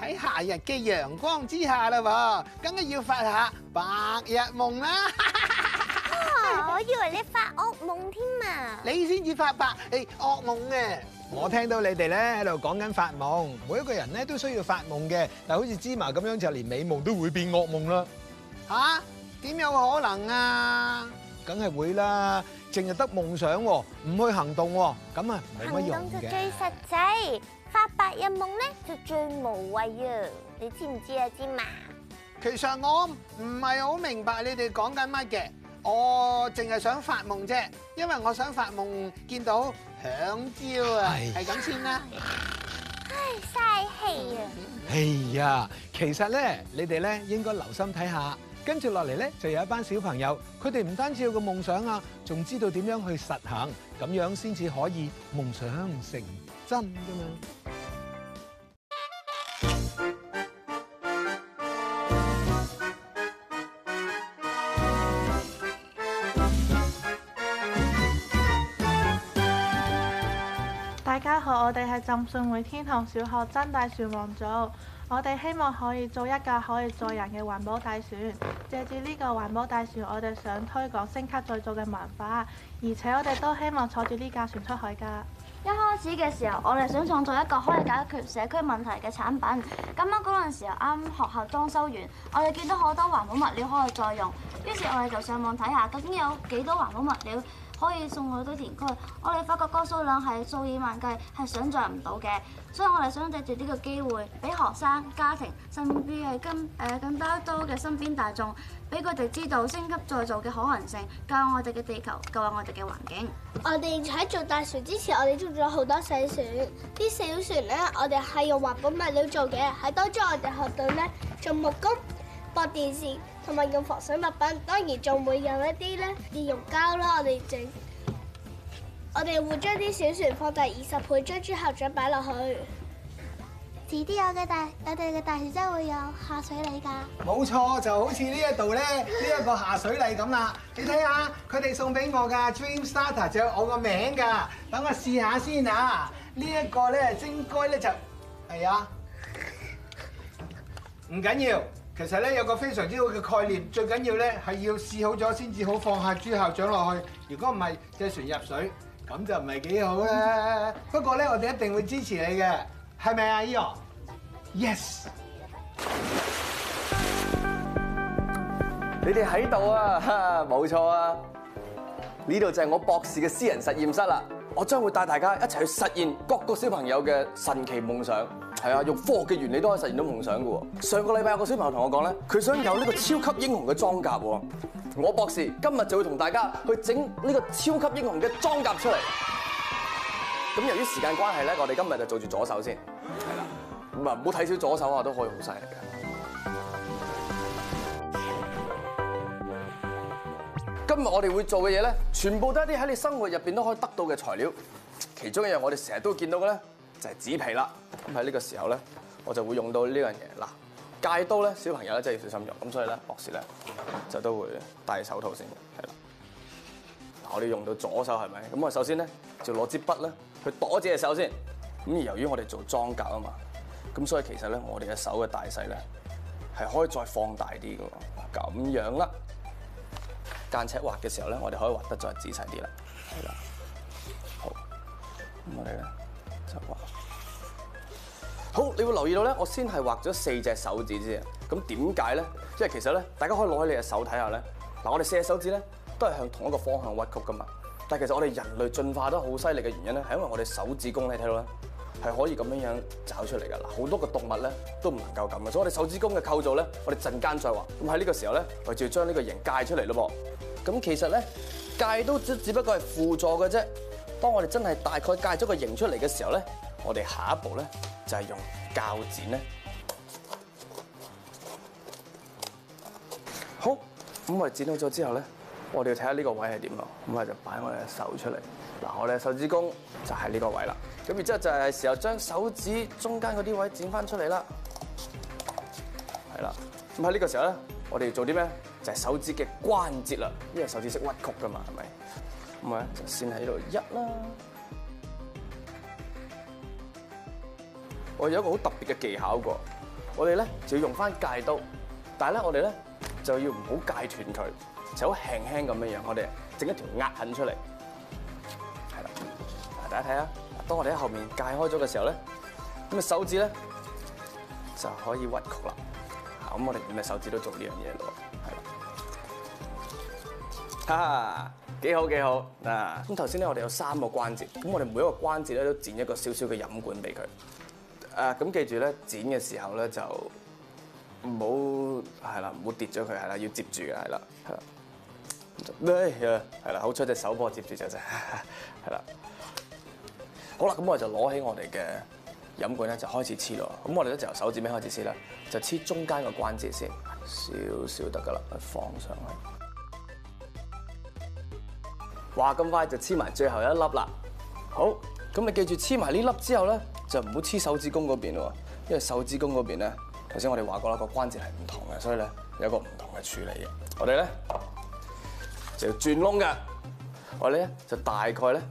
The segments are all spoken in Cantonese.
喺夏日嘅陽光之下啦，梗係要發下白日夢啦。我以為你發惡夢添啊！你先至發白誒惡夢啊！我聽到你哋咧喺度講緊發夢，每一個人咧都需要發夢嘅。但係，好似芝麻咁樣就連美夢都會變惡夢啦。嚇？點有可能啊？梗係會啦，淨係得夢想喎，唔去行動喎，咁啊冇乜用嘅。行動就最實際。發白日夢咧就最無謂啊！你知唔知啊，芝麻？其實我唔係好明白你哋講緊乜嘅，我淨係想發夢啫，因為我想發夢見到香蕉啊，係咁先啦。唉，嘥氣啊！哎呀，其實咧，你哋咧應該留心睇下，跟住落嚟咧就有一班小朋友，佢哋唔單止要個夢想啊，仲知道點樣去實行，咁樣先至可以夢想成。大家好，我哋係浸信會天堂小學真大船王組。我哋希望可以做一架可以載人嘅環保大船，借住呢個環保大船，我哋想推廣升級再造嘅文化，而且我哋都希望坐住呢架船出海㗎。一開始嘅時候，我哋想創造一個可以解決社區問題嘅產品。咁啊，嗰陣時候啱學校裝修完，我哋見到好多環保物料可以再用，於是，我哋就上網睇下究竟有幾多環保物料。可以送田區我好多錢，佢我哋發覺個數量係數以萬計，係想像唔到嘅，所以我哋想借住呢個機會，俾學生、家庭，甚至係更誒、呃、更加多嘅身邊大眾，俾佢哋知道升級再造嘅可能性，救我哋嘅地球，救我哋嘅環境。我哋喺做大船之前，我哋做咗好多小船，啲小船咧，我哋係用環保物料做嘅，喺當中我哋學到咧做木工。播電線同埋用防水物品，當然仲會有一啲咧易用膠啦。膠我哋整，我哋會將啲小船放第二十倍，將朱校長擺落去。遲啲我嘅大，我哋嘅大船真係會有下水禮噶。冇錯，就好似呢一度咧，呢 一個下水禮咁啦。你睇下，佢哋送俾我嘅 Dream Starter 就有我個名噶。等我試下先啊！呢一個咧，應該咧就係啊，唔緊要。其實咧有個非常之好嘅概念，最緊要咧係要試好咗先至好放下豬校長落去。如果唔係隻船入水，咁就唔係幾好啦。不過咧，我哋一定會支持你嘅，係咪啊，Eyo？Yes。Yes。你哋喺度啊，冇錯啊，呢度就係我博士嘅私人實驗室啦。我將會帶大家一齊去實現各個小朋友嘅神奇夢想。係啊，用科學嘅原理都可以實現到夢想㗎喎。上個禮拜有個小朋友同我講咧，佢想有呢個超級英雄嘅裝甲喎。我博士今日就會同大家去整呢個超級英雄嘅裝甲出嚟。咁由於時間關係咧，我哋今日就做住左手先。係啦，咁啊唔好睇少左手啊，都可以好犀利嘅。今日我哋會做嘅嘢咧，全部都係啲喺你生活入邊都可以得到嘅材料。其中一樣我哋成日都見到嘅咧。就係紙皮啦。咁喺呢個時候咧，我就會用到呢樣嘢。嗱，界刀咧，小朋友咧真係要小心用。咁所以咧，博士咧就都會戴手套先。係啦，我哋用到左手係咪？咁我首先咧就攞支筆咧去度住隻手先。咁而由於我哋做裝甲啊嘛，咁所以其實咧我哋嘅手嘅大細咧係可以再放大啲㗎喎。咁樣啦，間尺畫嘅時候咧，我哋可以畫得再仔細啲啦。係啦，好，咁我哋咧。好，你要留意到咧，我先係畫咗四隻手指先。咁點解咧？因為其實咧，大家可以攞起你嘅手睇下咧。嗱，我哋四隻手指咧都係向同一個方向屈曲噶嘛。但係其實我哋人類進化得好犀利嘅原因咧，係因為我哋手指公你睇到啦，係可以咁樣樣找出嚟噶啦。好多嘅動物咧都唔能夠咁嘅，所以我哋手指公嘅構造咧，我哋陣間再畫。咁喺呢個時候咧，我哋就要將呢個形界出嚟咯。咁其實咧，界都只，只不過係輔助嘅啫。當我哋真係大概界咗個形出嚟嘅時候咧，我哋下一步咧。就係、是、用鉸剪咧，好，咁我哋剪好咗之後咧，我哋要睇下呢個位係點咯，咁我哋就擺我哋嘅手出嚟，嗱，我哋嘅手指公就係呢個位啦，咁然之後就係時候將手指中間嗰啲位剪翻出嚟啦，係啦，咁喺呢個時候咧，我哋要做啲咩？就係、是、手指嘅關節啦，因為手指識屈曲噶嘛，係咪？咁啊，先喺呢度一啦。我有一個好特別嘅技巧喎。我哋咧就要用翻戒刀，但係咧我哋咧就要唔好戒斷佢，就好輕輕咁樣樣。我哋整一條壓痕出嚟，係啦。大家睇下，當我哋喺後面戒開咗嘅時候咧，咁嘅手指咧就可以屈曲啦。咁我哋用嘅手指都做呢樣嘢咯，係啦。嚇，幾好幾好嗱。咁頭先咧，我哋有三個關節，咁我哋每一個關節咧都剪一個少少嘅飲管俾佢。咁、啊、記住咧，剪嘅時候咧就唔好係啦，唔好跌咗佢係啦，要接住嘅係啦，係啦，係啦，好彩隻手幫我接住就啫，係啦。好啦，咁我哋就攞起我哋嘅飲管咧，就開始黐咯。咁我哋咧就由手指尾開始黐啦，就黐中間個關節先，少少得噶啦，放上去。哇！咁快就黐埋最後一粒啦。好，咁你記住黐埋呢粒之後咧。就唔好黐手指公嗰邊喎，因為手指公嗰邊咧，頭先我哋話過啦，個關節係唔同嘅，所以咧有個唔同嘅處理嘅。我哋咧就轉窿㗎，我哋咧就大概咧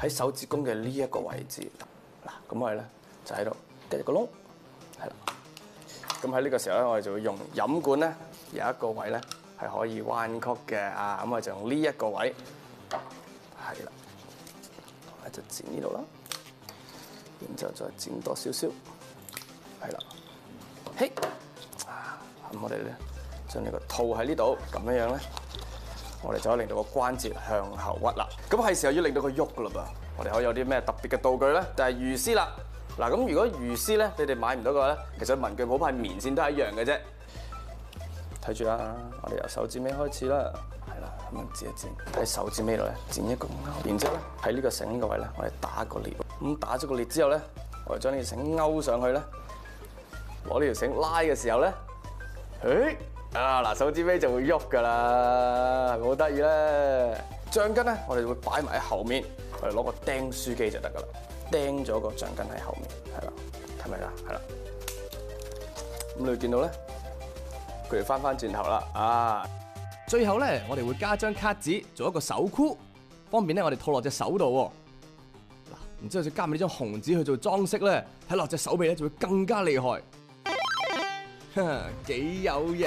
喺手指公嘅呢一個位置，嗱，咁我哋咧就喺度篤一個窿，係啦。咁喺呢個時候咧，我哋就會用飲管咧有一個位咧係可以彎曲嘅啊，咁我就用呢一個位，係啦，我就剪呢度啦。然之後再剪多少少，係啦。嘿，咁我哋咧將呢個套喺呢度，咁樣樣咧，我哋就可以令到個關節向後屈啦。咁係時候要令到佢喐噶嘞噃，我哋可以有啲咩特別嘅道具咧？就係魚絲啦。嗱，咁如果魚絲咧你哋買唔到嘅話咧，其實文具鋪派棉線都係一樣嘅啫。睇住啦，我哋由手指尾開始啦，係啦，咁樣剪一剪，喺手指尾度咧剪一個勾，然之後咧喺呢個繩嘅位咧，我哋打個咁打咗個裂之後咧，我哋將呢條繩勾上去咧，攞呢條繩拉嘅時候咧，誒、欸、啊嗱手指尾就會喐噶啦，好得意啦。橡筋咧，我哋會擺埋喺後面，我哋攞個釘書機就得噶啦，釘咗個橡筋喺後面，係啦，係咪啦？係啦，咁你見到咧，佢哋翻翻轉頭啦，啊，最後咧，我哋會加張卡紙做一個手箍，方便咧我哋套落隻手度喎。然之後就加入呢張紅紙去做裝飾咧，睇落隻手臂咧就會更加厲害，哈幾有型！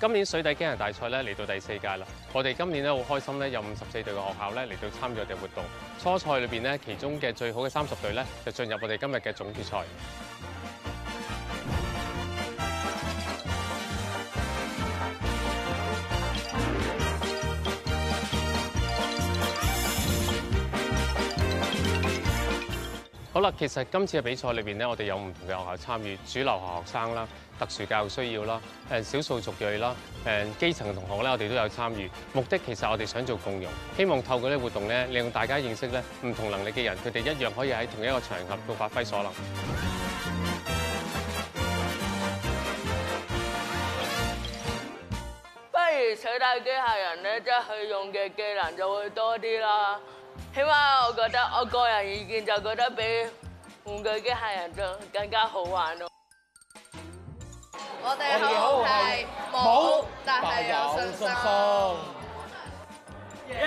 今年水底驚人大賽咧嚟到第四屆啦，我哋今年咧好開心咧，有五十四隊嘅學校咧嚟到參與我哋活動。初賽裏邊咧，其中嘅最好嘅三十隊咧，就進入我哋今日嘅總決賽。好啦，其實今次嘅比賽裏邊咧，我哋有唔同嘅學校參與，主流學校學生啦。特殊教育需要啦，誒少數族裔啦，誒基層同學咧，我哋都有參與。目的其實我哋想做共融，希望透過呢活動咧，令大家認識咧唔同能力嘅人，佢哋一樣可以喺同一個場合度發揮所能。不如水帶機械人咧，即係用嘅技能就會多啲啦。起碼我覺得，我個人意見就覺得比玩具機械人就更加好玩咯。我哋好係冇，但係有信心。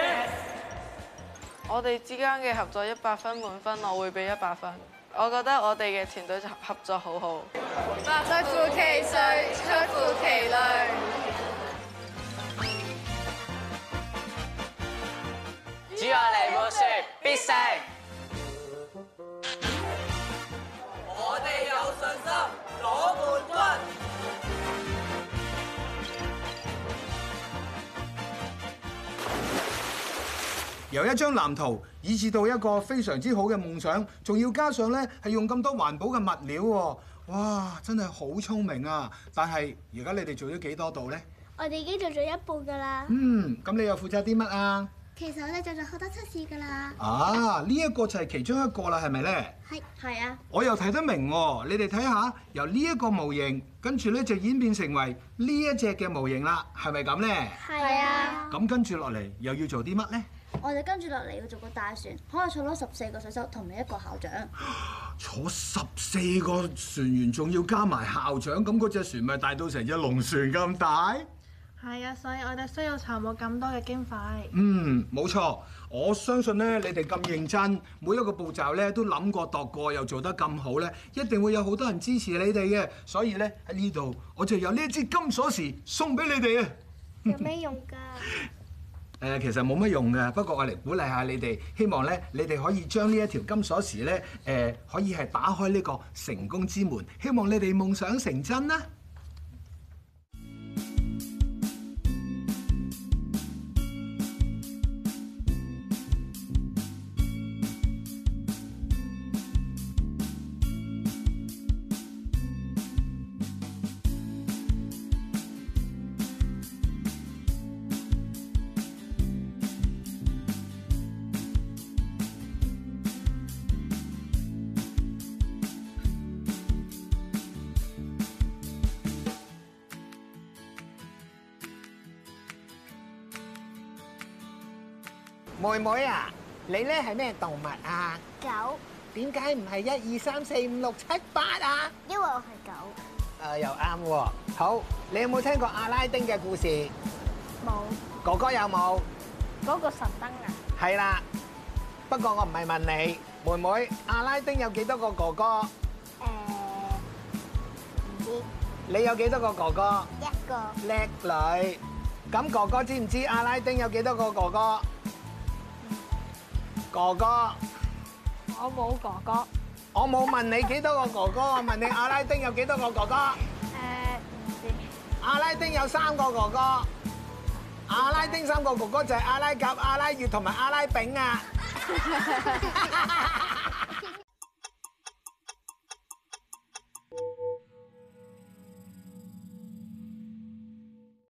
我哋之間嘅合作一百分滿分，分我會俾一百分。我覺得我哋嘅團隊合作好好。出乎其誰，出乎其類。Yeah，主我你，冇輸，必勝！必由一張藍圖，以至到一個非常之好嘅夢想，仲要加上呢係用咁多環保嘅物料喎。哇，真係好聰明啊！但係而家你哋做咗幾多度呢？我哋已經做咗一半㗎啦。嗯，咁你又負責啲乜啊？其實我哋做咗好多測試㗎啦。啊，呢一個就係其中一個啦，係咪呢？係係啊。我又睇得明喎。你哋睇下，由呢一個模型跟住呢就演變成為呢一隻嘅模型啦，係咪咁呢？係啊。咁跟住落嚟又要做啲乜呢？我哋跟住落嚟要做個大船，可以坐到十四個水手同埋一個校長，坐十四個船員，仲要加埋校長，咁嗰隻船咪大到成隻龍船咁大？係啊，所以我哋需要籌募咁多嘅經費。嗯，冇錯，我相信咧，你哋咁認真，每一個步驟咧都諗過度過，又做得咁好咧，一定會有好多人支持你哋嘅。所以咧喺呢度，我就由呢一支金鎖匙送俾你哋啊！有咩用㗎？ 誒其實冇乜用嘅，不過我嚟鼓勵下你哋，希望咧你哋可以將呢一條金鎖匙咧，誒、呃、可以係打開呢個成功之門，希望你哋夢想成真啦，啊！妹妹啊，你咧係咩動物啊？狗。點解唔係一二三四五六七八啊？因為我係狗。誒，又啱喎。好，你有冇聽過阿拉丁嘅故事？冇。哥哥有冇？嗰個神燈啊？係啦。不過我唔係問你，妹妹，阿拉丁有幾多個哥哥？誒，唔知。你有幾多個哥哥？一個。叻女，咁哥哥知唔知阿拉丁有幾多個哥哥？哥哥，我冇哥哥。我冇問你幾多個哥哥，我問你阿拉丁有幾多個哥哥？誒，唔知。阿拉丁有三個哥哥。阿拉丁三個哥哥就係阿拉甲、阿拉乙同埋阿拉丙啊。